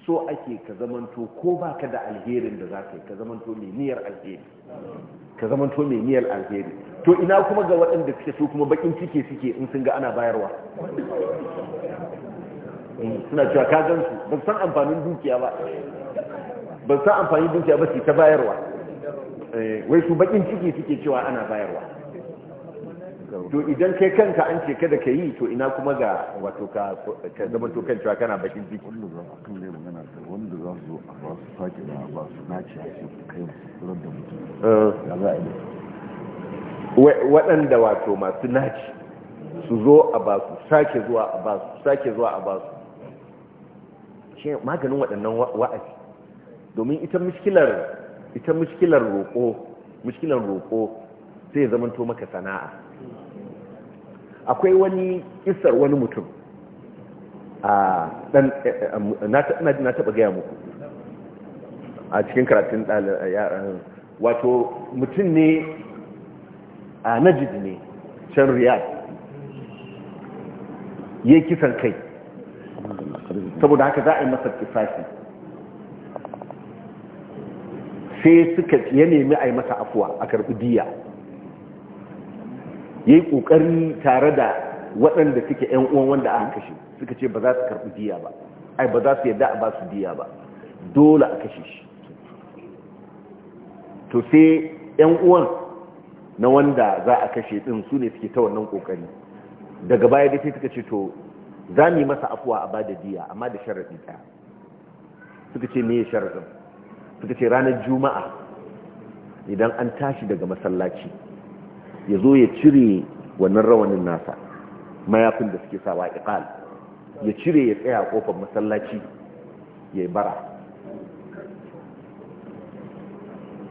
so ake ka zamanto ko baka da alherin da zaka ka zamanto mai niyyar alheri ka zamanto mai niyyar alheri to ina kuma ga waɗanda suke su kuma bakin cike suke in sun ga ana bayarwa eh, suna cewa ka gan su ba san amfanin dukiya ba ba san amfanin dukiya ba su ta bayarwa eh, wai su bakin cike suke cewa ana bayarwa to idan kai kanka an ce kada ka yi to ina kuma ga wato ka zama to kan cewa kana bakin ciki wanda za a kan magana ta wanda za su zo a ba su sake ba su nace a ce kai da mutum eh. ya za a yi waɗanda wato masu naci su zo a basu sake zuwa a basu sake zuwa a su shi maganin waɗannan wa'azi domin ita mishkilar ita roƙo mishkilar roƙo sai zamanto maka sana'a akwai wani isar wani mutum a ɗan na taɓa gaya muku a cikin karatun yaran wato mutum ne a najid ne can riyad ya yi kisan kai saboda haka za a yi masa kisashi sai suka ya nemi a yi masa afuwa a karɓi diya ya yi ƙoƙari tare da waɗanda suke ‘yan uwan wanda aka kashe suka ce ba za su karɓi diya ba ai ba za su yadda a ba su diya ba dole a kashe shi to sai ‘yan uwan na wanda za a kashe din su ne suke ta wannan kokari daga baya dai sai suka ce to za mu yi masa afuwa a bada diya amma da sharaɗi ɗaya suka ce me ya sharaɗin suka ce ranar juma'a idan an tashi daga masallaci ya zo ya cire wannan rawanin nasa mayafin da suke sawa iqal ya cire ya tsaya kofar masallaci ya bara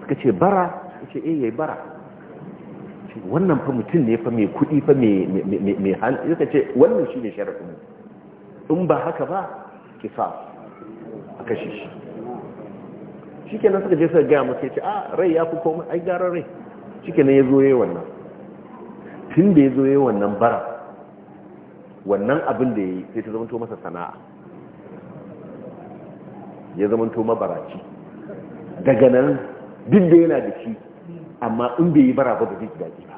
suka ce bara suka ce eh ya bara wannan fa mutum ne fa mai kuɗi fa mai hannu suka ce wannan shi ne sharafin in ba haka ba sa a kashe shi shi nan suka je suka gaya masu ce a ah, rai ya fi komai ai gara rai shi nan ya zo ya wannan tun da ya zo ya wannan bara wannan abin da ya yi sai ta zamanto masa sana'a ya to mabaraci daga nan duk da yana da shi amma in bai yi bara ba ba zai daɗi ba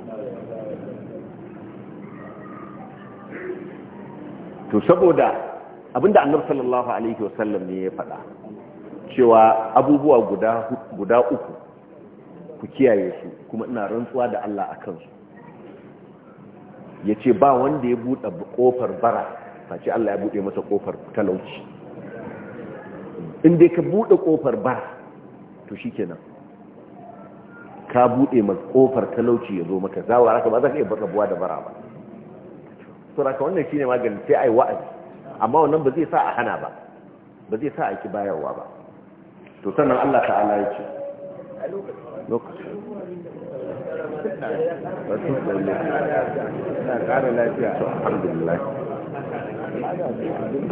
to saboda abinda annabi sallallahu alaihi wasallam ne ya faɗa cewa abubuwa guda guda uku ku kiyaye su kuma ina rantsuwa da Allah a kansu yace ba wanda ya bude ƙofar bara face Allah ya buɗe masa ƙofar talauci in dai ka buɗe kofar bara to shi kenan ka buɗe ma kofar talauci ya zo maka zawa raka ba za ka iya baka buwa da bara ba su raka wannan ne magani sai a yi wa'azi amma wannan ba zai sa a hana ba ba zai sa a ki bayarwa ba to sannan Allah ta'ala ya ce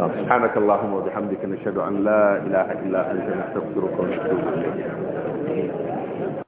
سبحانك اللهم وبحمدك نشهد أن لا إله إلا أنت نستغفرك ونتوب إليك